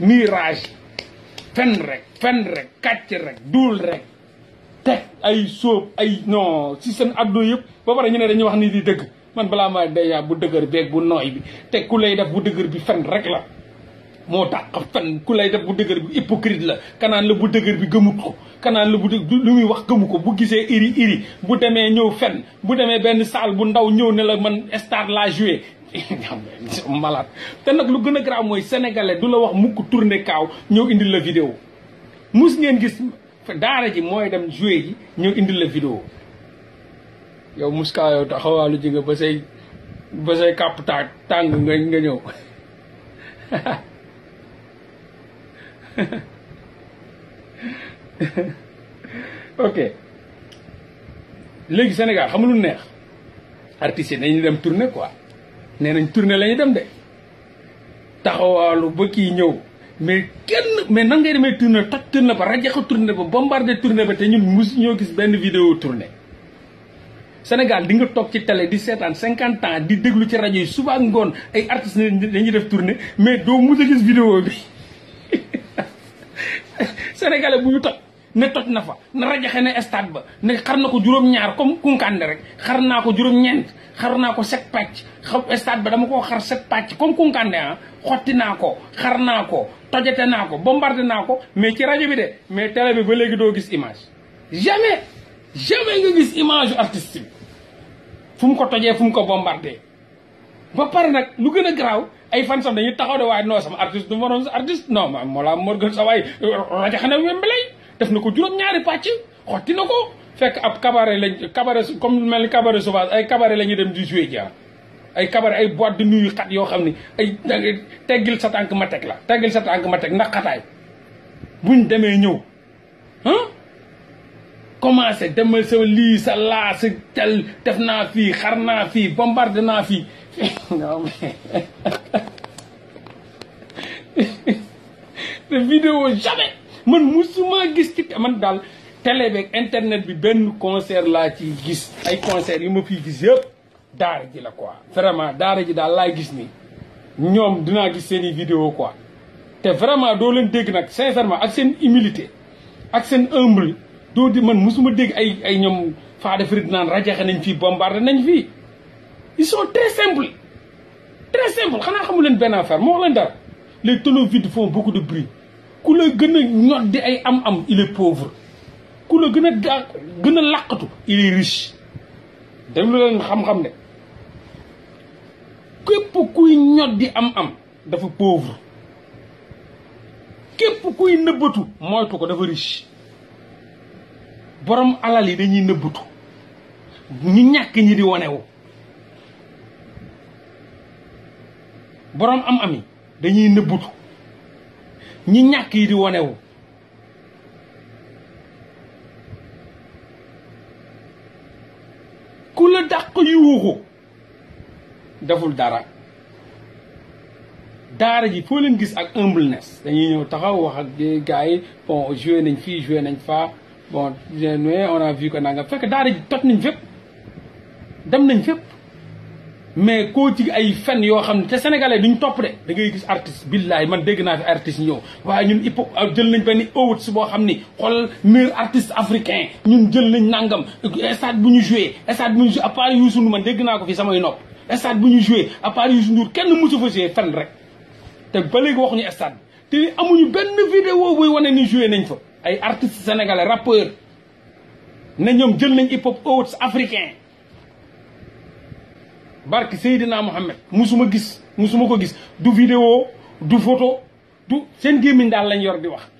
mirage fen rek fen rek teh rek dul rek teg ay soop ay non si sen abdo yeb ba bari ñu ne wax ni di deug man bala maa dèjà bu dëgër beek bu noy bi teg ku lay def bu bi fen rek la mo tax fen ku lay def bu dëgër bi hypocrite la kanaan la bu bi gëmut ko kanaan la bu lu muy wax gëmu ko bu gisee iri iri bu deme ñew fen bu deme ben salle bu ndaw ñew ne la man star la jouer malade té nak lu gëna graw moy sénégalais du la wax mukk tourner kaw ñeu indil la vidéo mus ngeen gis daara ji moy dem jouer ji ñeu indil la vidéo yow muska yow taxawaalu ji nga ba sey ba sey kàpp ta tang nga nga ñeu ok léegi sénégal xam lu neex artiste dem tourner quoi nee nañ tournée la dem de taxawaalu ba kii ñëw mais kenn mais nan ngay demee tournée toj tournée ba rajaxa tournée ba bombardé tournée ba te ñun mus ñoo gis benn vidéo tournée Sénégal di nga toog ci télé di seetaan cinquante ans di déglu ci rajo yi suba ak ngoon ay artistes dañuy def tournée mais doo mus gis vidéo bi sénégalais bu ñu ne toj na fa na rajaxe ne stade ba ne xarna ko juróom-ñaar comme kunkande rek xarna ko juróom-ñeent xarna ko set patch xam stade ba dama ko xar set patch comme kunkande ah xotti ko xarna ko tojate na ko bombardé na ko mais ci radio bi de mais télé bi ba légui do gis image jamais jamais nga gis image artistique fum ko tojé fum ko bombardé ba par nak lu gëna graw ay fans sax dañu taxaw de way no sama artiste du artiste non sa way la def na ko juróom-ñaari pàcc xotti na ko fekk ab cabaret lañ cabaret comme mel ni cabaret sauvage ay cabaret la ñuy dem di jouer ji ah. ay cabaret ay boîte de nuit xat yoo xam ne ay teggil sa tànk ma teg la teggil sa tànk ma teg ndax xataay buñ demee ñëw ah commencé demal sa lii sa laa sa tel def naa fii xar naa fii bombardé naa fii te vidéo jamais man musuma gis ci man dal télé avec internet bi ben concert la ci gis ay concert yi ma fi gis yëpp daara ji la quoi vraiment daara ji daal laay gis ni ñom dina gis seen vidéo quoi te vraiment do leen dégg nak sincèrement ak seen humilité ak seen humble do di man musuma dégg ay ay ñoom faa defari naan rajaxe nañ fi bombardé nañ fi ils sont très simples très simples xana xamu leen ben affaire mo wax leen dara les tonneaux vides font beaucoup de bruit ku la gën a ñod di ay am-am il est ku la gën a daa gën a làqatu il est riche dem lu leen xam-xam ne képp kuy ñod am-am dafa pauvre képp kuy nëbbatu moytu ko dafa riche borom alal yi dañuy nëbbatu ñu ñàkk ñi di wonewu borom am-am yi dañuy nëbbatu ñi ñàkk yi di wonewu ku la dàq yuuxu deful dara daara ji foo leen gis ak humbleness dañuy ñëw taxaw wax ak gars yi bon joué nañ fii joué nañ faa bon on a vu que nanga fekk daara ji toj nañ fépp dem nañ fépp mais koo ci ay fan yo xamni té sénégalais duñ top dé da ngay gis artiste billahi man dégg na fi artiste ñëw waaye ñun hip hop ah, jël nañ benn awards boo xam ni xool meilleur artiste africain ñun jël nañ nangam stade buñu jouer joué stade bu ñu à part Youssou Ndour man dégg naa ko fi samay nopp stade buñu jouer à part Youssou Ndour kenn mosu fa joué fen rek té ba léegi waxuñu stade bi te amuñu benn vidéo buy wane ni jouer nañ fa ay artiste sénégalais rappeur na ñom jël nañ hip hop awards africain barke Seydina Mohamed musuma gis musuma ko gis du video du photo du seen gémmiñ daal lañ yor di wax